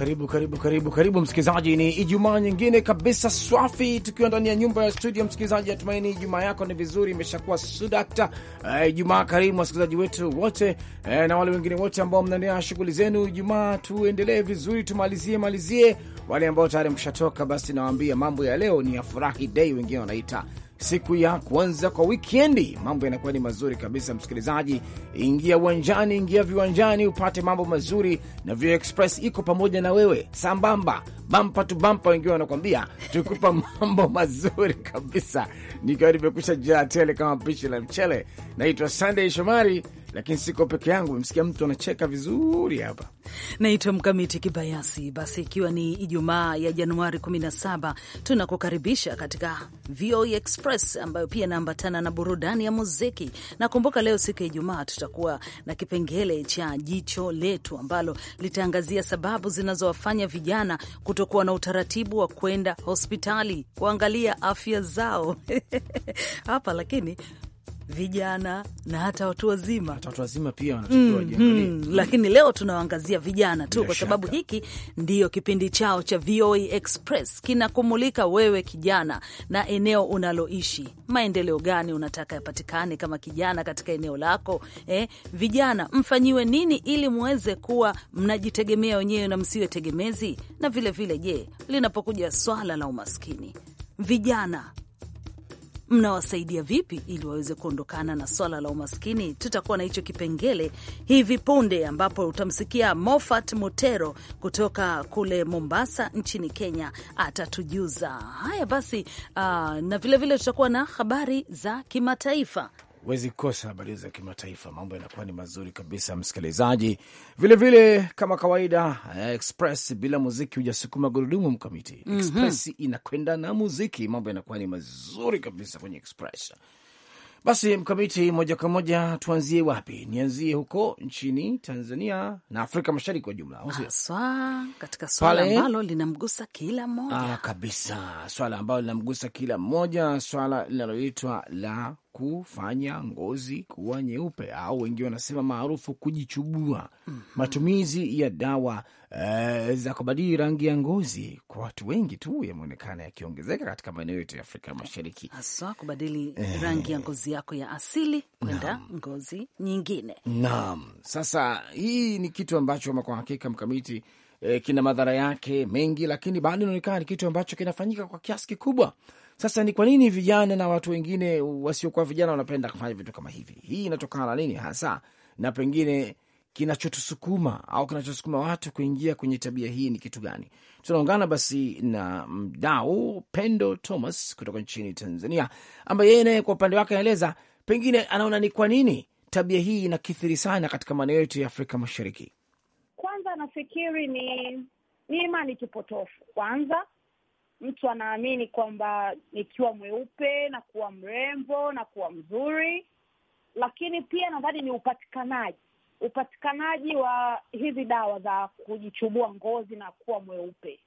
Karibu karibu karibu karibu msikilizaji, ni Ijumaa nyingine kabisa swafi, tukiwa ndani ya nyumba ya studio. Msikilizaji, natumaini Ijumaa yako ni vizuri, imeshakuwa sudakta. Uh, Ijumaa karimu wasikilizaji wetu wote, uh, na wale wengine wote ambao mnaendelea shughuli zenu. Ijumaa tuendelee vizuri, tumalizie malizie. Wale ambao tayari mshatoka, basi nawaambia mambo ya leo ni ya furahi dei, wengine wanaita siku ya kuanza kwa wikendi, mambo yanakuwa ni mazuri kabisa. Msikilizaji, ingia uwanjani, ingia viwanjani upate mambo mazuri, na Vio Express iko pamoja na wewe sambamba, bampa tu bampa, wengine wanakuambia tukupa mambo mazuri kabisa. Nikiwa nimekusha jaa tele kama pishi la mchele, naitwa Sunday Shomari lakini siko peke yangu. Msikia mtu anacheka vizuri hapa. Naitwa Mkamiti Kibayasi. Basi ikiwa ni Ijumaa ya Januari 17 tunakukaribisha katika VOA e Express ambayo pia inaambatana na burudani ya muziki. Nakumbuka leo siku ya Ijumaa tutakuwa na kipengele cha jicho letu ambalo litaangazia sababu zinazowafanya vijana kutokuwa na utaratibu wa kwenda hospitali kuangalia afya zao hapa lakini vijana na hata watu wazima, hata watu wazima pia wanatakiwa mm, mm, lakini leo tunawaangazia vijana tu kwa sababu Hiki ndiyo kipindi chao cha VOA Express kinakumulika wewe kijana na eneo unaloishi, maendeleo gani unataka yapatikane kama kijana katika eneo lako eh? Vijana mfanyiwe nini ili muweze kuwa mnajitegemea wenyewe na msiwe tegemezi, na vilevile je, linapokuja swala la umaskini vijana mnawasaidia vipi ili waweze kuondokana na swala la umaskini. Tutakuwa na hicho kipengele hivi punde, ambapo utamsikia Mofat Motero kutoka kule Mombasa nchini Kenya atatujuza haya. Basi uh, na vilevile tutakuwa na habari za kimataifa huwezi kukosa habari za kimataifa, mambo yanakuwa ni mazuri kabisa, msikilizaji. Vilevile kama kawaida, eh, Express bila muziki hujasukuma gurudumu mkamiti. Mhm. Express mm -hmm. inakwenda na muziki, mambo yanakuwa ni mazuri kabisa kwenye Express. Basi mkamiti, moja kwa moja tuanzie wapi? Nianzie huko nchini Tanzania na Afrika Mashariki kwa jumla, haswa katika swala ambalo linamgusa kila mmoja. Ah, kabisa, swala ambalo linamgusa kila mmoja, swala linaloitwa la kufanya ngozi kuwa nyeupe au wengi wanasema maarufu kujichubua. mm -hmm. Matumizi ya dawa e, za kubadili rangi ya ngozi kwa watu wengi tu yameonekana yakiongezeka katika maeneo yote ya Afrika Mashariki, haswa kubadili e, rangi ya ngozi yako ya asili kwenda ngozi nyingine. Naam, sasa hii ni kitu ambacho kwa hakika mkamiti e, kina madhara yake mengi, lakini bado inaonekana ni kitu ambacho kinafanyika kwa kiasi kikubwa sasa ni kwa nini vijana na watu wengine wasiokuwa vijana wanapenda kufanya vitu kama hivi? Hii inatokana na nini hasa, na pengine kinachotusukuma au kinachosukuma watu kuingia kwenye tabia hii ni kitu gani? Tunaungana basi na mdau Pendo Thomas kutoka nchini Tanzania, ambaye yeye naye kwa upande wake anaeleza pengine anaona ni kwa nini tabia hii inakithiri sana katika maeneo yetu ya Afrika Mashariki. Kwanza nafikiri ni ni imani kipotofu kwanza mtu anaamini kwamba nikiwa mweupe na kuwa mrembo na kuwa mzuri, lakini pia nadhani ni upatikanaji upatikanaji wa hizi dawa za kujichubua ngozi na kuwa mweupe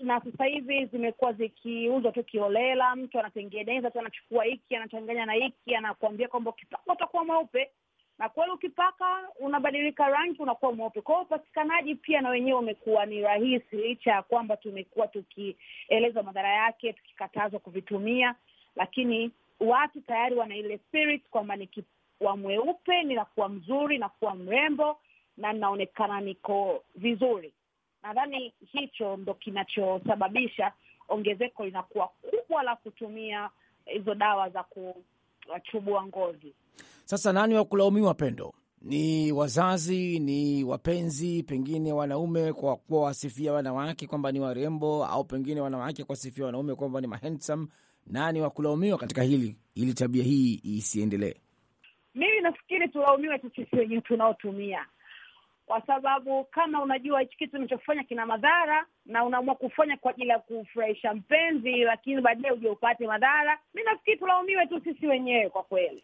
na sasa hivi zimekuwa zikiuzwa tu kiolela. Mtu anatengeneza tu, anachukua hiki, anachanganya na hiki, anakuambia kwamba ukipaka utakuwa mweupe na kweli ukipaka unabadilika rangi, unakuwa mweupe. Kwa hiyo upatikanaji pia na wenyewe umekuwa ni rahisi, licha ya kwamba tumekuwa tukielezwa madhara yake, tukikatazwa kuvitumia, lakini watu tayari wana ile spirit kwamba nikiwa mweupe ninakuwa mzuri, nakuwa mrembo na ninaonekana niko vizuri. Nadhani hicho ndo kinachosababisha ongezeko linakuwa kubwa la kutumia hizo dawa za kuchubua ngozi. Sasa nani wa kulaumiwa, Pendo? Ni wazazi? Ni wapenzi? Pengine wanaume kwa wanawake kwamba ni warembo, au pengine wanawake kuwasifia wanaume kwamba ni mahensam? Nani wa kulaumiwa katika hili, ili tabia hii isiendelee? Mimi nafikiri tulaumiwe tu sisi wenyewe tunaotumia, kwa sababu kama unajua hichi kitu unachofanya kina madhara na unaamua kufanya kwa ajili ya kufurahisha mpenzi, lakini baadaye uje upate madhara, mi nafikiri tulaumiwe tu sisi wenyewe kwa kweli.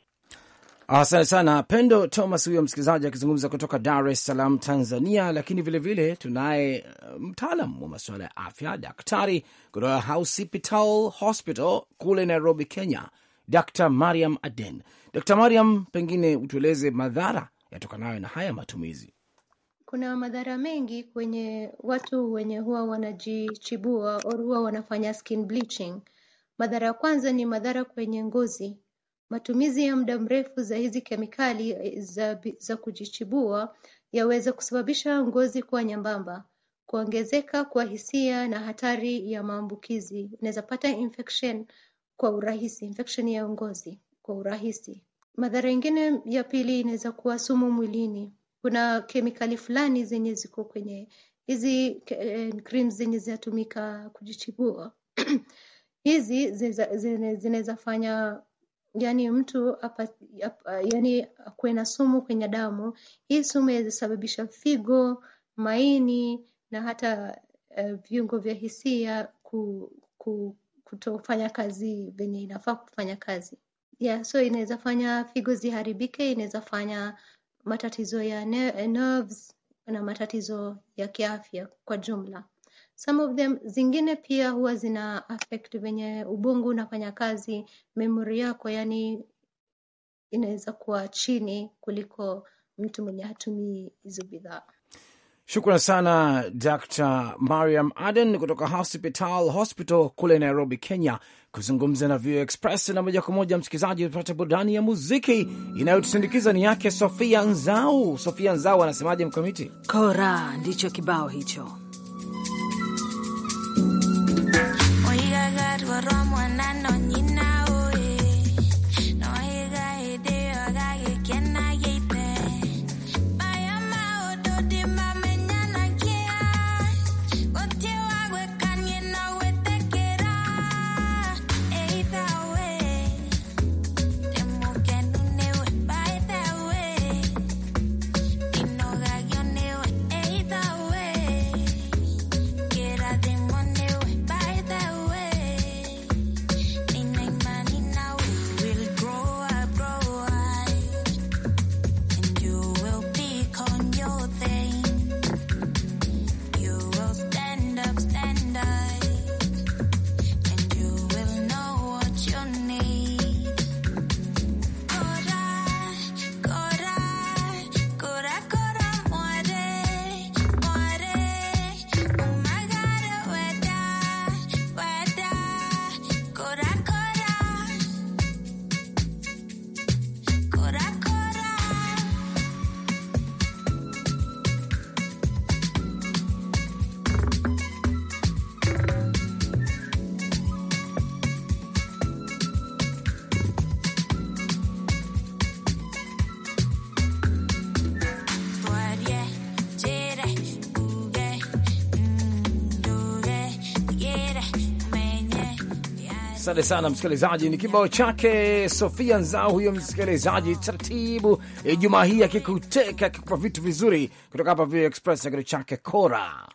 Asante sana Pendo Thomas, huyo msikilizaji akizungumza kutoka Dar es Salaam, Tanzania. Lakini vilevile tunaye uh, mtaalam wa masuala ya afya, daktari kutoka Housepital Hospital kule Nairobi, Kenya, Dr Mariam Aden. Dr Mariam, pengine utueleze madhara yatokanayo na haya matumizi. Kuna madhara mengi kwenye watu wenye huwa wanajichibua au huwa wanafanya skin bleaching. Madhara ya kwanza ni madhara kwenye ngozi Matumizi ya muda mrefu za hizi kemikali eh, za kujichibua yaweza kusababisha ngozi kuwa nyambamba kuongezeka kwa hisia na hatari ya maambukizi. Unaweza pata infection kwa urahisi, infection ya ngozi kwa urahisi. Madhara yingine ya pili inaweza kuwa sumu mwilini. Kuna kemikali fulani zenye ziko kwenye hizi eh, cream zenye zinatumika kujichibua hizi zinaweza fanya yani mtu apa, apa, yani kuwe na sumu kwenye damu. Hii sumu inasababisha figo, maini na hata uh, viungo vya hisia ku, ku, kutofanya kazi venye inafaa kufanya kazi yeah, so inaweza fanya figo ziharibike, inaweza fanya matatizo ya nerves na matatizo ya kiafya kwa jumla some of them zingine pia huwa zina affect venye ubongo unafanya kazi, memory yako yani inaweza kuwa chini kuliko mtu mwenye hatumii hizo bidhaa. Shukran sana Dr Mariam Aden kutoka Hospital Hospital kule Nairobi, Kenya, kuzungumza na VOA Express. Na moja kwa moja, msikilizaji, apata burudani ya muziki inayotusindikiza ni yake Sofia Nzau. Sofia Nzau anasemaje? Mkamiti kora ndicho kibao hicho. Romo, enano, ñino. Asante sana msikilizaji, ni kibao chake Sofia Nzao huyo msikilizaji, taratibu Ijumaa e, hii akikuteka akikupa vitu vizuri kutoka hapa VOA Express na kitu chake kora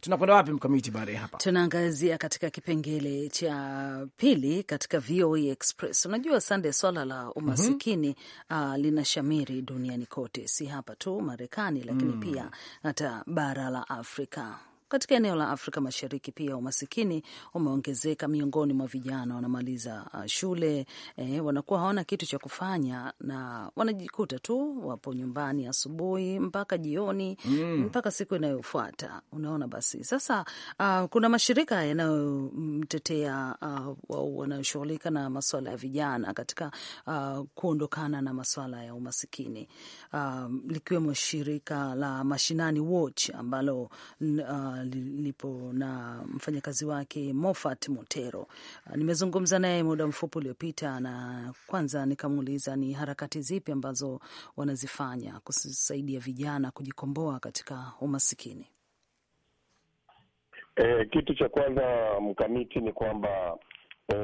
Tunakwenda wapi mkamiti? Baada ya hapa, tunaangazia katika kipengele cha pili katika VOA Express. Unajua Sande, swala la umasikini mm -hmm. uh, linashamiri duniani kote, si hapa tu Marekani, lakini mm. pia hata bara la Afrika. Katika eneo la Afrika Mashariki pia umasikini umeongezeka miongoni mwa vijana, wanamaliza uh, shule eh, wanakuwa hawana kitu cha kufanya na wanajikuta tu wapo nyumbani asubuhi mpaka jioni mm, mpaka siku inayofuata. Unaona, basi sasa uh, kuna mashirika yanayomtetea uh, wanaoshughulika na maswala ya vijana katika uh, kuondokana na maswala ya umasikini uh, likiwemo shirika la Mashinani Watch ambalo uh, lipo na mfanyakazi wake Mofat Motero. Ah, nimezungumza naye muda mfupi uliopita, na kwanza nikamuuliza ni harakati zipi ambazo wanazifanya kusaidia vijana kujikomboa katika umasikini. E, kitu cha kwanza mkamiti ni kwamba e,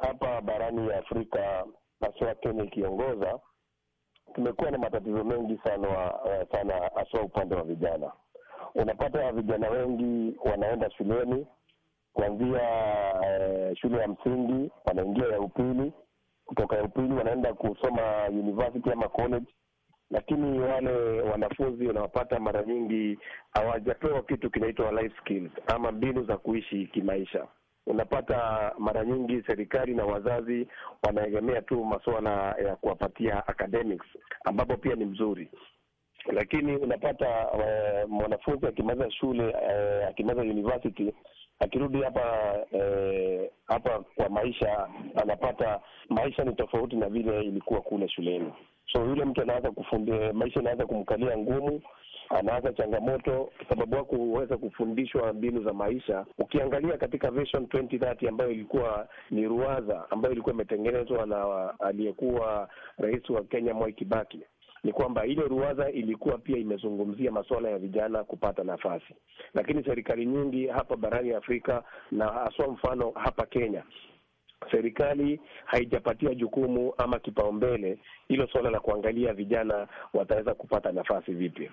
hapa e, barani ya Afrika haswa Kenya ikiongoza tumekuwa na matatizo mengi sana eh, sana haswa upande wa vijana unapata vijana wengi wanaenda shuleni kuanzia eh, shule ya msingi, wanaingia ya upili, kutoka ya upili wanaenda kusoma university ama college, lakini wale wanafunzi unawapata mara nyingi hawajapewa kitu kinaitwa life skills ama mbinu za kuishi kimaisha. Unapata mara nyingi serikali na wazazi wanaegemea tu masuala ya kuwapatia academics, ambapo pia ni mzuri, lakini unapata uh, mwanafunzi akimaliza shule uh, akimaliza university akirudi hapa uh, hapa kwa maisha, anapata maisha ni tofauti na vile ilikuwa kule shuleni. So yule mtu anaanza kufundi maisha inaanza kumkalia ngumu, anaanza changamoto, sababu ya huweza kufundishwa mbinu za maisha. Ukiangalia katika Vision 2030 ambayo ilikuwa ni ruadha ambayo ilikuwa imetengenezwa na ah, aliyekuwa rais wa Kenya Mwai Kibaki ni kwamba ile ruwaza ilikuwa pia imezungumzia masuala ya vijana kupata nafasi, lakini serikali nyingi hapa barani Afrika na haswa mfano hapa Kenya serikali haijapatia jukumu ama kipaumbele hilo suala la kuangalia vijana wataweza kupata nafasi vipi.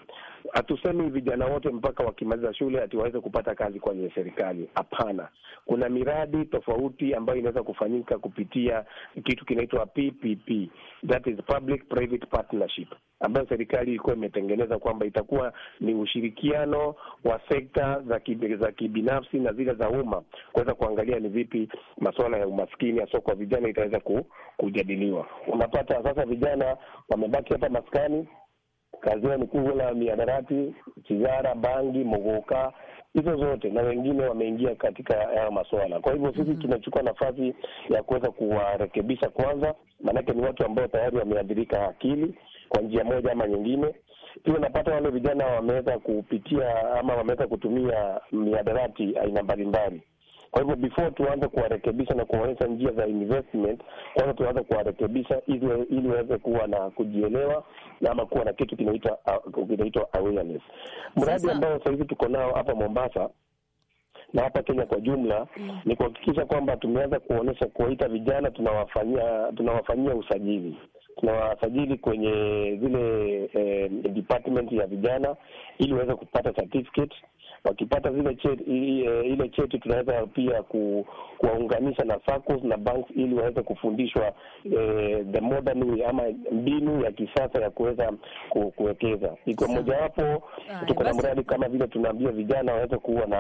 Hatusemi vijana wote mpaka wakimaliza shule ati waweze kupata kazi kwenye serikali, hapana. Kuna miradi tofauti ambayo inaweza kufanyika kupitia kitu kinaitwa PPP, that is public private partnership, ambayo serikali ilikuwa imetengeneza kwamba itakuwa ni ushirikiano wa sekta za za kibinafsi na zile za umma kuweza kuangalia ni vipi masuala ya umaskini hasa kwa vijana itaweza kujadiliwa. Unapata sasa vijana vijana wamebaki hapa maskani. Kazi yao ni kubwa la miadarati, sigara, bangi, mogoka hizo zote na wengine wameingia katika hayo masuala. Kwa hivyo sisi mm -hmm. tunachukua nafasi ya kuweza kuwarekebisha kwanza, maanake ni watu ambao tayari wameathirika akili kwa njia moja ama nyingine. Pia napata wale vijana wameweza kupitia ama wameweza kutumia miadarati aina mbalimbali kwa hivyo before tuanze kuwarekebisha na kuwaonyesha njia za investment, kwanza tuanze kuwarekebisha ili waweze kuwa na kujielewa na ama kuwa na kitu kinaitwa uh, kinaitwa awareness. Mradi ambao sahizi tuko nao hapa Mombasa na hapa Kenya kwa jumla mm, ni kuhakikisha kwamba tumeanza kuonyesha kuwaita vijana, tunawafanyia tunawafanyia usajili tunawasajili kwenye zile eh, department ya vijana ili waweze kupata certificate Wakipata zile cheti, eh, ile cheti tunaweza pia ku, kuwaunganisha na SACCOS na banks ili waweze kufundishwa eh, the modern way ama mbinu ya kisasa ya kuweza kuwekeza. iko mojawapo tuko na mradi kama vile tunaambia vijana waweze kuwa na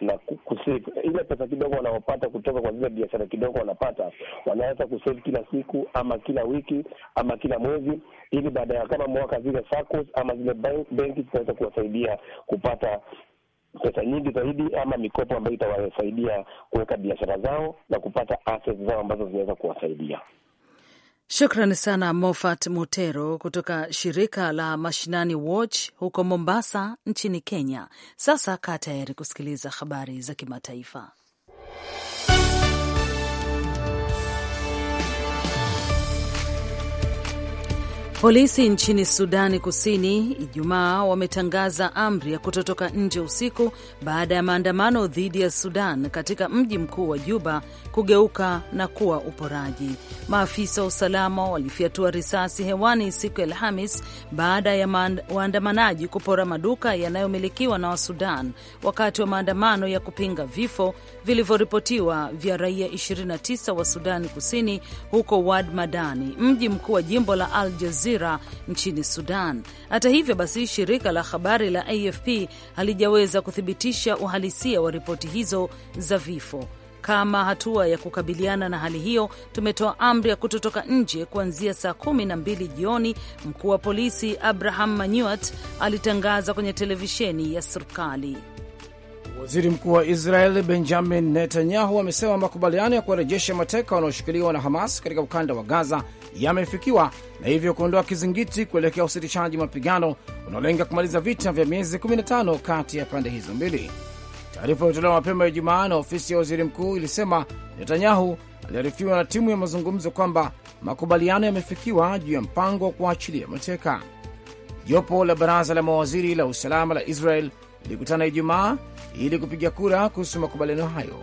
na kusave ile pesa kidogo wanaopata kutoka kwa zile biashara kidogo wanapata, wanaweza kusave kila siku ama kila wiki ama kila mwezi, ili baada ya kama mwaka zile SACCOS ama zile benki zitaweza kuwasaidia kupata pesa nyingi zaidi ama mikopo ambayo itawasaidia kuweka biashara zao na kupata assets zao ambazo zinaweza kuwasaidia. Shukrani sana Mofat Mutero kutoka shirika la Mashinani Watch huko Mombasa nchini Kenya. Sasa kaa tayari kusikiliza habari za kimataifa. Polisi nchini Sudani Kusini Ijumaa wametangaza amri ya kutotoka nje usiku baada ya maandamano dhidi ya Sudan katika mji mkuu wa Juba kugeuka na kuwa uporaji. Maafisa wa usalama walifyatua risasi hewani siku ya Alhamis baada ya waandamanaji kupora maduka yanayomilikiwa na Wasudan wakati wa maandamano ya kupinga vifo vilivyoripotiwa vya raia 29 wa Sudani Kusini huko Wad Madani, mji mkuu wa jimbo la Al Jazira nchini Sudan. Hata hivyo basi, shirika la habari la AFP halijaweza kuthibitisha uhalisia wa ripoti hizo za vifo. Kama hatua ya kukabiliana na hali hiyo, tumetoa amri ya kutotoka nje kuanzia saa kumi na mbili jioni, mkuu wa polisi Abraham Manyuat alitangaza kwenye televisheni ya serikali. Waziri mkuu wa Israel Benjamin Netanyahu amesema makubaliano ya kuwarejesha mateka wanaoshikiliwa na Hamas katika ukanda wa Gaza yamefikiwa na hivyo kuondoa kizingiti kuelekea usitishaji mapigano unaolenga kumaliza vita vya miezi 15 kati ya pande hizo mbili. Taarifa iliyotolewa mapema ya Ijumaa na ofisi ya waziri mkuu ilisema Netanyahu aliarifiwa na timu ya mazungumzo kwamba makubaliano yamefikiwa juu ya mpango wa kuachilia mateka. Jopo la baraza la mawaziri la usalama la Israel lilikutana Ijumaa ili kupiga kura kuhusu makubaliano hayo.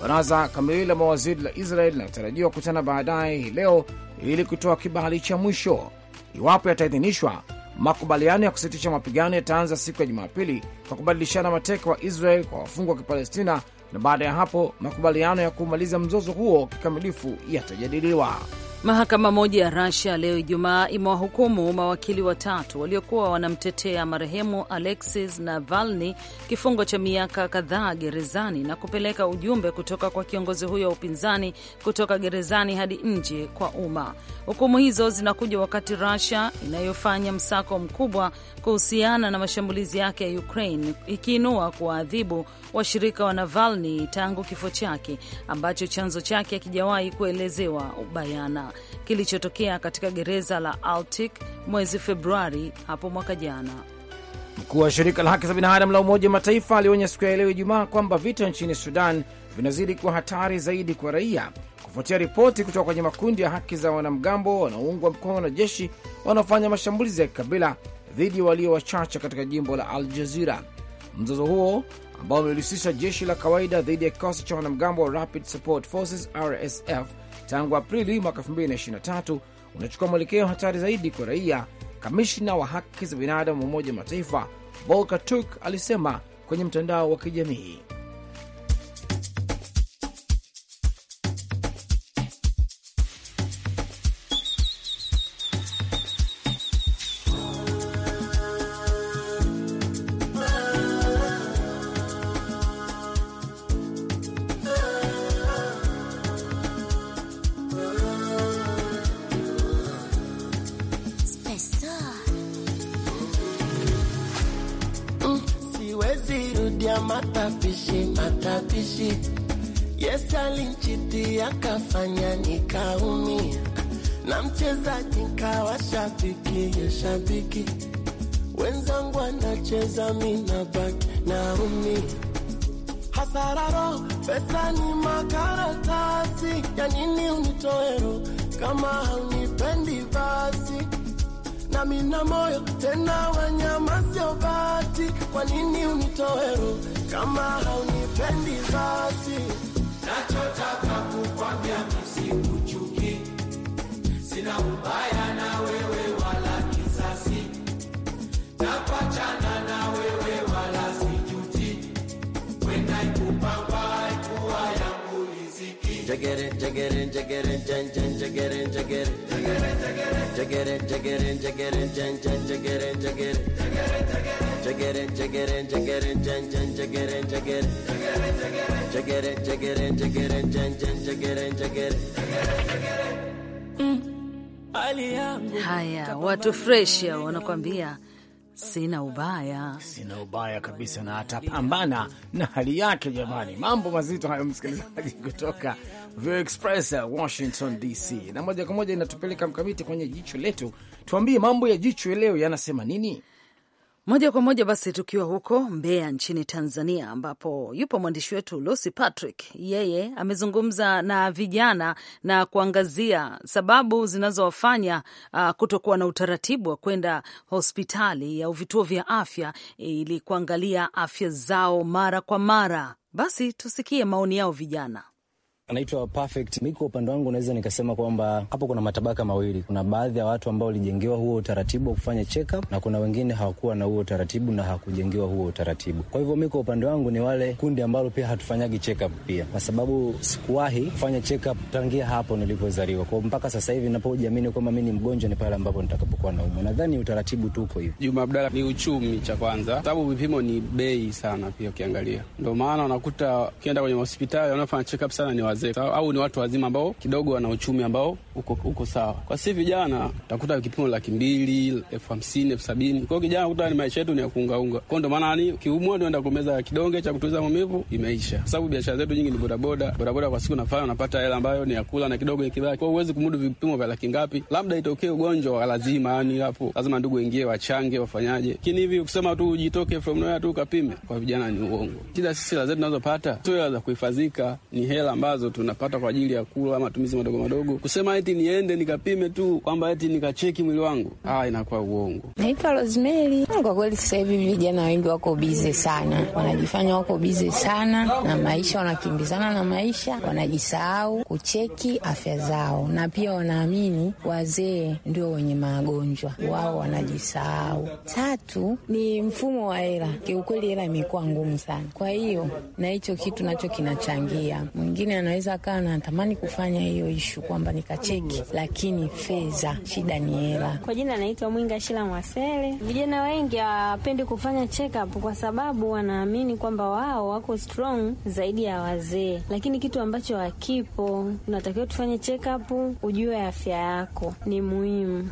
Baraza kamili la mawaziri la Israel linatarajiwa kukutana baadaye hii leo ili kutoa kibali cha mwisho. Iwapo yataidhinishwa, makubaliano ya kusitisha mapigano yataanza siku ya Jumapili kwa kubadilishana mateka wa Israel kwa wafungwa wa Kipalestina, na baada ya hapo makubaliano ya kumaliza mzozo huo kikamilifu yatajadiliwa. Mahakama moja ya rasia leo Ijumaa imewahukumu mawakili watatu waliokuwa wanamtetea marehemu Alexis Navalny kifungo cha miaka kadhaa gerezani na kupeleka ujumbe kutoka kwa kiongozi huyo wa upinzani kutoka gerezani hadi nje kwa umma. Hukumu hizo zinakuja wakati rasia inayofanya msako mkubwa kuhusiana na mashambulizi yake ya Ukraine ikiinua kuwaadhibu washirika wa Navalny tangu kifo chake ambacho chanzo chake hakijawahi kuelezewa bayana kilichotokea katika gereza la Altic mwezi Februari hapo mwaka jana. Mkuu wa shirika la haki za binadamu la Umoja wa Mataifa alionya siku ya leo Ijumaa kwamba vita nchini Sudan vinazidi kuwa hatari zaidi kwa raia kufuatia ripoti kutoka kwenye makundi ya haki za wanamgambo wanaoungwa mkono na jeshi wanaofanya mashambulizi ya kikabila dhidi ya walio wachache katika jimbo la Al Jazira. Mzozo huo ambao umelihusisha jeshi la kawaida dhidi ya kikosi cha wanamgambo wa Rapid Support Forces RSF Tangu Aprili mwaka 2023 unachukua mwelekeo hatari zaidi kwa raia, kamishna wa haki za binadamu wa Umoja Mataifa Volker Turk alisema kwenye mtandao wa kijamii. ya nini unitoero kama haunipendi basi na mina moyo tena wanyama sio bati kwa nini unitoero kama haunipendi basi nachotaka kukwambia nisikuchuki sina ubaya na wewe wala kisasi napachana na wewe haya watu fresh wanakwambia Sina ubaya, sina ubaya kabisa, na atapambana na hali yake. Jamani, mambo mazito hayo, msikilizaji, kutoka Vio Express Washington DC. Na moja kwa moja inatupeleka mkamiti kwenye jicho letu. Tuambie, mambo ya jicho leo yanasema nini? Moja kwa moja basi tukiwa huko Mbeya nchini Tanzania, ambapo yupo mwandishi wetu Lucy Patrick. Yeye amezungumza na vijana na kuangazia sababu zinazowafanya uh, kutokuwa na utaratibu wa kwenda hospitali au vituo vya afya ili kuangalia afya zao mara kwa mara. Basi tusikie maoni yao vijana. Anaitwa Perfect Miko. Upande wangu naweza nikasema kwamba hapo kuna matabaka mawili. Kuna baadhi ya watu ambao walijengewa huo utaratibu wa kufanya check up, na kuna wengine hawakuwa na huo utaratibu na hawakujengewa huo utaratibu. Kwa hivyo, Miko, upande wangu ni wale kundi ambalo pia hatufanyagi check up pia, kwa sababu sikuwahi kufanya check up tangia hapo nilipozaliwa Kwa mpaka sasa hivi napojiamini kwamba mi ni mgonjwa ni pale ambapo nitakapokuwa naumwa. Nadhani utaratibu tu uko hivyo. Juma Abdala, ni uchumi cha kwanza, sababu vipimo ni bei sana pia ukiangalia, ndio maana unakuta ukienda kwenye hospitali wanaofanya check up sana ni wazi wamezeeka au ni watu wazima ambao kidogo wana uchumi ambao uko, uko sawa. Kwa si vijana utakuta kipimo laki mbili elfu hamsini elfu sabini kwao kijana kuta ni maisha yetu ni ya kuungaunga kwao, ndo maana ni yaani, ukiumwa nienda kumeza kidonge cha kutuliza maumivu imeisha, kwa sababu biashara zetu nyingi ni bodaboda. Bodaboda kwa siku nafanya unapata hela ambayo ni ya kula na kidogo ikibaki kwao, huwezi kumudu vipimo vya laki ngapi, labda itokee ugonjwa wa lazima, yani hapo lazima ndugu wengie wachange wafanyaje, lakini hivi ukisema tu ujitoke from nowhere tu ukapime kwa vijana ni uongo. Kila sisi hela zetu tunazopata sio hela za kuhifadhika, ni hela ambazo ambazo tunapata kwa ajili ya kula matumizi madogo madogo. Kusema eti niende nikapime tu kwamba eti nikacheki mwili wangu, ah, inakuwa uongo. Naitwa Rosemary. Kwa kweli sasa hivi vijana wengi wako bize sana, wanajifanya wako bize sana na maisha, wanakimbizana na maisha, wanajisahau kucheki afya zao, na pia wanaamini wazee ndio wenye magonjwa, wao wanajisahau. Tatu ni mfumo wa hela. Kiukweli hela imekuwa ngumu sana, kwa hiyo na hicho kitu nacho kinachangia. Mwingine ana naweza kaa natamani kufanya hiyo ishu kwamba nikacheki, lakini fedha, shida ni hela. Kwa jina naitwa Mwinga Shila Mwasele. Vijana wengi hawapendi kufanya check up kwa sababu wanaamini kwamba wao wako strong zaidi ya wazee, lakini kitu ambacho hakipo. Unatakiwa tufanye check up, ujue afya yako ni muhimu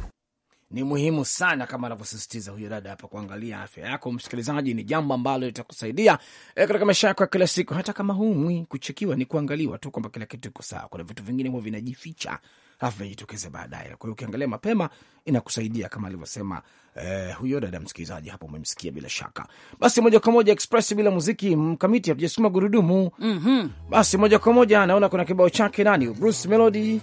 ni muhimu sana kama anavyosisitiza huyo dada hapa. Kuangalia afya yako, msikilizaji, ni jambo ambalo litakusaidia e, katika maisha yako ya kila siku. Hata kama humwi, kuchekiwa ni kuangaliwa tu kwamba kila kitu iko sawa. Kuna vitu vingine huwa vinajificha halafu vinajitokeza baadaye. Kwa hiyo ukiangalia mapema inakusaidia kama alivyosema eh, huyo dada msikilizaji hapo, umemsikia bila shaka. Basi moja kwa moja express bila muziki mkamiti hatujasukuma gurudumu mm -hmm. Basi moja kwa moja naona kuna kibao chake nani, Bruce Melody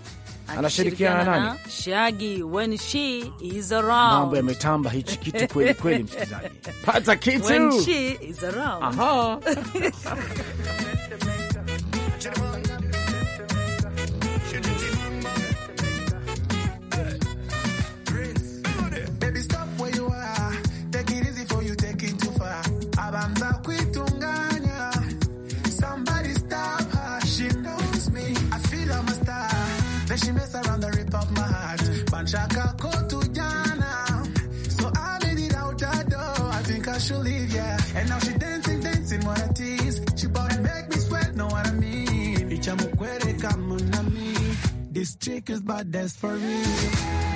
anashirikiana nani? Shaggy when she is around. Mambo yametamba hichi kitu kweli kweli, msikilizaji, pata kitu when she is around. Aha chick is bad, that's for real.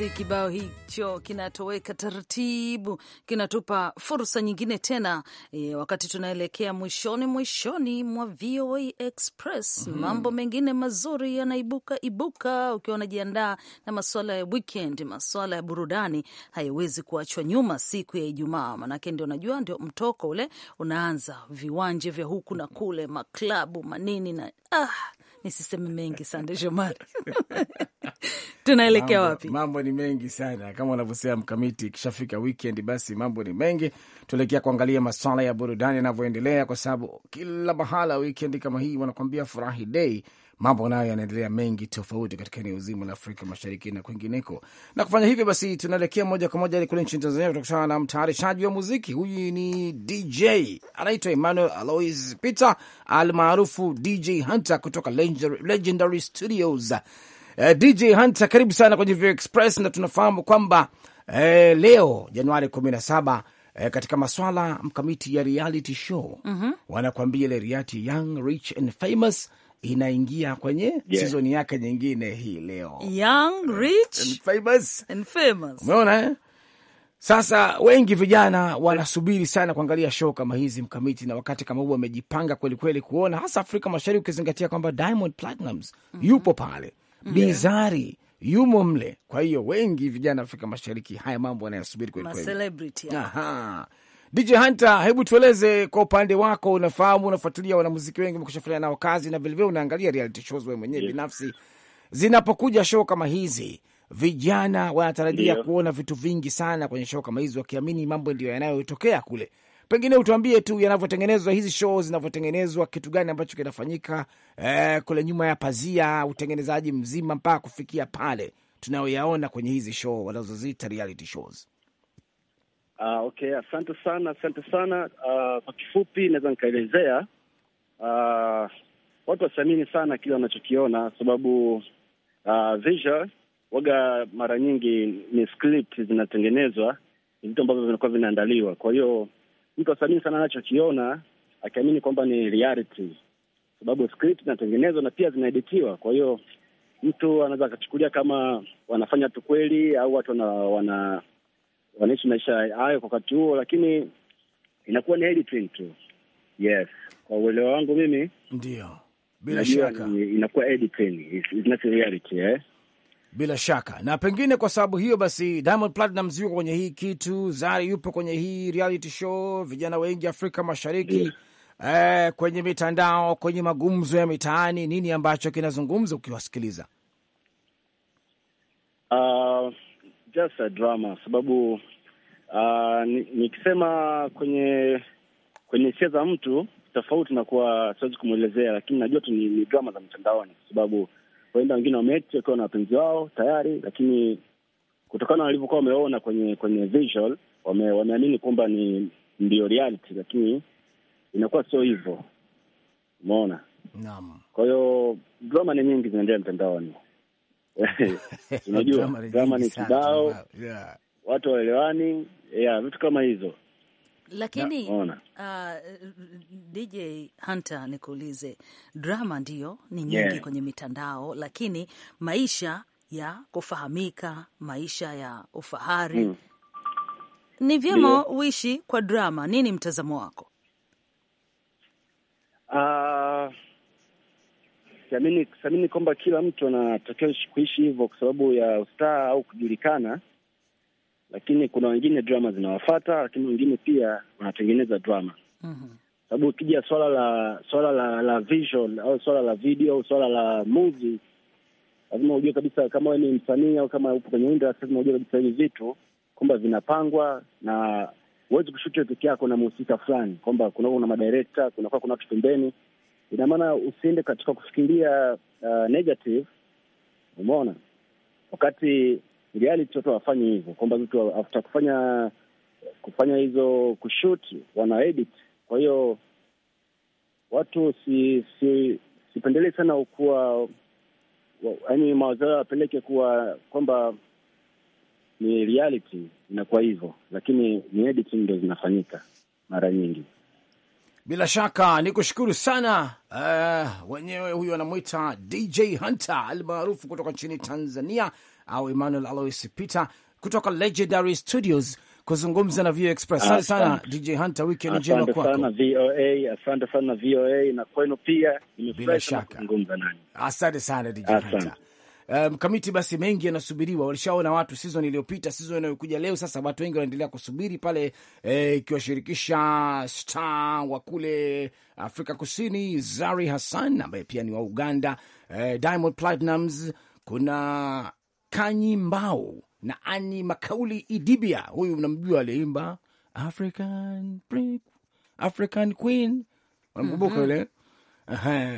basi kibao hicho kinatoweka taratibu, kinatupa fursa nyingine tena e, wakati tunaelekea mwishoni mwishoni mwa VOA Express mm -hmm. Mambo mengine mazuri yanaibuka ibuka, ukiwa unajiandaa na maswala ya weekend, maswala ya burudani haiwezi kuachwa nyuma siku ya Ijumaa, manake ndio najua ndio mtoko ule unaanza, viwanja vya huku na kule, maklabu manini na ah nisiseme mengi sande Shomari. Tunaelekea wapi? Mambo ni mengi sana kama unavyosema Mkamiti, ikishafika weekend basi mambo ni mengi. Tuelekea kuangalia maswala ya burudani yanavyoendelea, kwa sababu kila mahala weekend kama hii wanakwambia furahi dei mambo nayo yanaendelea mengi tofauti katika eneo zima la Afrika Mashariki na kwingineko. Na kufanya hivyo basi, tunaelekea moja kwa moja kule nchini Tanzania, tukutana na mtayarishaji wa muziki. Huyu ni DJ anaitwa Emmanuel Alois Peter almaarufu DJ Hunter kutoka Legendary Studios. Uh, eh, DJ Hunter, karibu sana kwenye View Express, na tunafahamu kwamba uh, leo Januari kumi na saba E, katika maswala mkamiti ya reality show mm -hmm. Wanakuambia ile reality Young Rich and Famous inaingia kwenye yeah, sizoni yake nyingine hii leo, young rich and famous and famous. Umeona eh? Sasa wengi vijana wanasubiri sana kuangalia show kama hizi mkamiti, na wakati kama huu wamejipanga kwelikweli kuona, hasa Afrika Mashariki, ukizingatia kwamba Diamond Platnumz mm -hmm. yupo pale mm -hmm. Bizari yumo mle, kwa hiyo wengi vijana Afrika Mashariki haya mambo wanayasubiri kwelikweli. DJ Hunter, hebu tueleze kwa upande wako, unafahamu, unafuatilia wanamuziki wengi, umekushafanya nao kazi na vilevile unaangalia reality shows wewe mwenyewe yeah. Binafsi, zinapokuja show kama hizi, vijana wanatarajia yeah. kuona vitu vingi sana kwenye show kama hizi, wakiamini mambo ndio yanayotokea kule. Pengine utuambie tu yanavyotengenezwa hizi show zinavyotengenezwa, kitu gani ambacho kinafanyika eh, kule nyuma ya pazia, utengenezaji mzima mpaka kufikia pale tunayoyaona kwenye hizi show wanazoziita reality shows. Uh, okay, asante sana, asante sana. Ah, kwa kifupi naweza nikaelezea uh, watu wasiamini sana kile wanachokiona, sababu uh, visual waga mara nyingi ni script zinatengenezwa, ni vitu ambavyo vinakuwa vinaandaliwa. Kwa hiyo mtu asiamini sana anachokiona, akiamini kwamba ni reality, sababu script zinatengenezwa na pia zinaeditiwa. Kwa hiyo mtu anaweza akachukulia kama wanafanya tu kweli au watu wana, wana wanaishi maisha hayo kwa wakati huo, lakini inakuwa ni editing tu. Yes, kwa uelewa wangu mimi ndio, bila shaka inakuwa editing, it's not reality eh? Bila shaka na pengine kwa sababu hiyo basi, Diamond Platnumz yuko kwenye hii kitu, Zari yupo kwenye hii reality show, vijana wengi Afrika Mashariki yeah. Eh, kwenye mitandao, kwenye magumzo ya mitaani, nini ambacho kinazungumza ukiwasikiliza? uh just a drama sababu uh, nikisema kwenye kwenye hisia za mtu tofauti na kuwa siwezi kumwelezea, lakini najua tu ni, ni drama za mtandaoni kwa sababu waenda wengine wameti wakiwa na wapenzi wao tayari, lakini kutokana walivyokuwa wameona kwenye kwenye visual wame, wameamini kwamba ni ndio reality, lakini inakuwa sio hivyo. Umeona? Naam. Kwa hiyo drama ni nyingi zinaendelea mtandaoni unajua ni kibao yeah. watu waelewani yeah, vitu kama hizo lakini uh, DJ Hunter nikuulize, drama ndiyo ni nyingi yeah. kwenye mitandao, lakini maisha ya kufahamika, maisha ya ufahari mm. ni vyema uishi kwa drama. Nini mtazamo wako? uh, siamini siamini kwamba kila mtu anatakiwa kuishi hivyo kwa sababu ya ustaa au kujulikana, lakini kuna wengine drama zinawafata, lakini wengine pia wanatengeneza drama mm -hmm. Sababu ukija swala la swala la la visual au swala la video au swala la movie, lazima ujue kabisa kama wewe ni msanii au kama upo kwenye industry, lazima ujue kabisa hivi vitu kwamba vinapangwa na huwezi kushutia peke yako na mhusika fulani, kwamba kuna kuna madirekta, kunakuwa kuna watu pembeni ina maana usiende katika kufikiria uh, negative, umeona, wakati reality watu hawafanyi hivyo, kwamba mtu after kufanya kufanya hizo kushoot wana edit. Kwa hiyo watu si si sana kuwa yaani mawazo yao apeleke kuwa kwamba ni reality inakuwa hivyo, lakini ni editing ndo zinafanyika mara nyingi. Bila shaka ni kushukuru sana uh, wenyewe huyo anamwita DJ Hunter almaarufu kutoka nchini Tanzania, au Emmanuel Alois Peter kutoka Legendary Studios kuzungumza na VOA Express. Asante sana DJ Hunter, wikendi njema kwako. Asante sana VOA na kwenu pia, bila shaka. Asante sana DJ Hunter mkamiti um, basi mengi yanasubiriwa, walishaona watu season iliyopita, season inayokuja leo. Sasa watu wengi wanaendelea kusubiri pale, e, ikiwashirikisha e, star wa kule Afrika Kusini Zari Hassan ambaye pia ni wa Uganda, e, Diamond Platnumz, kuna Kanyi Mbao na Ani Makauli Idibia, huyu mnamjua, aliyeimba African African Queen, wanamkumbuka mm -hmm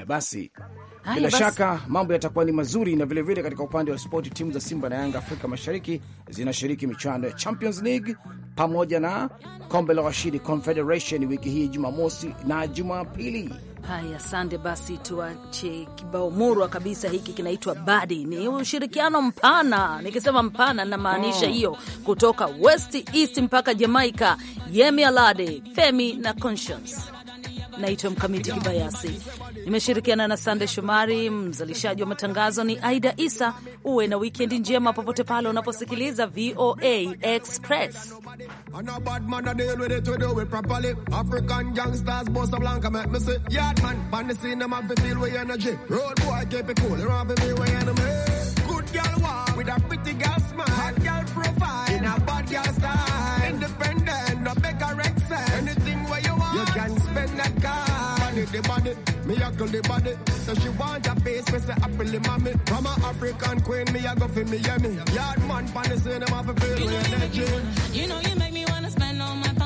basi Hai, bila basi, shaka mambo yatakuwa ni mazuri na vilevile vile katika upande wa spoti, timu za Simba na Yanga Afrika Mashariki zinashiriki michuano ya Champions League pamoja na kombe la washindi Confederation wiki hii Jumamosi na Jumapili. Haya, asante basi, tuache kibao murwa kabisa. Hiki kinaitwa Badi, ni ushirikiano mpana. Nikisema mpana namaanisha oh. hiyo oh, kutoka West East mpaka Jamaica, Yemi Alade, Femi na Conscience naitwa Mkamiti Kibayasi, nimeshirikiana na Sande Shomari. Mzalishaji wa matangazo ni Aida Isa. Uwe na wikendi njema popote pale unaposikiliza VOA Express. me a go the body. So she want your face, me say happily mommy. I'm a African queen, me a go for me yummy. Yard man, pan the same, them have a feel energy. you know you make me wanna spend all my